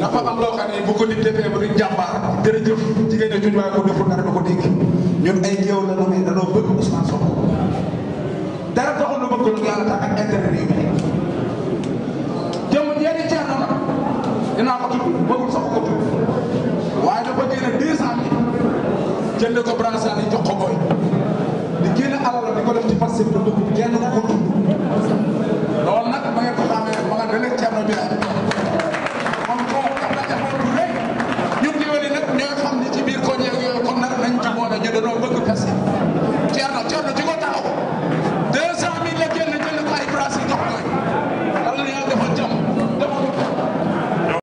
dafa am loo xam ne bu ko nit defee ba duñ jàmbaar jërëjëf jigéen ñi waaye ko deful dara du ko dégg ñun ay géew la nu ne danoo bëgg Ousmane Sonko dara taxul lu bëgg lu yàlla tax ak intérêt réew jëm yenn ceerno na dinaa ko tudd bëggul sax ko tudd waaye dafa ko brancard yi jox ko ko def ci farcib ba ko ko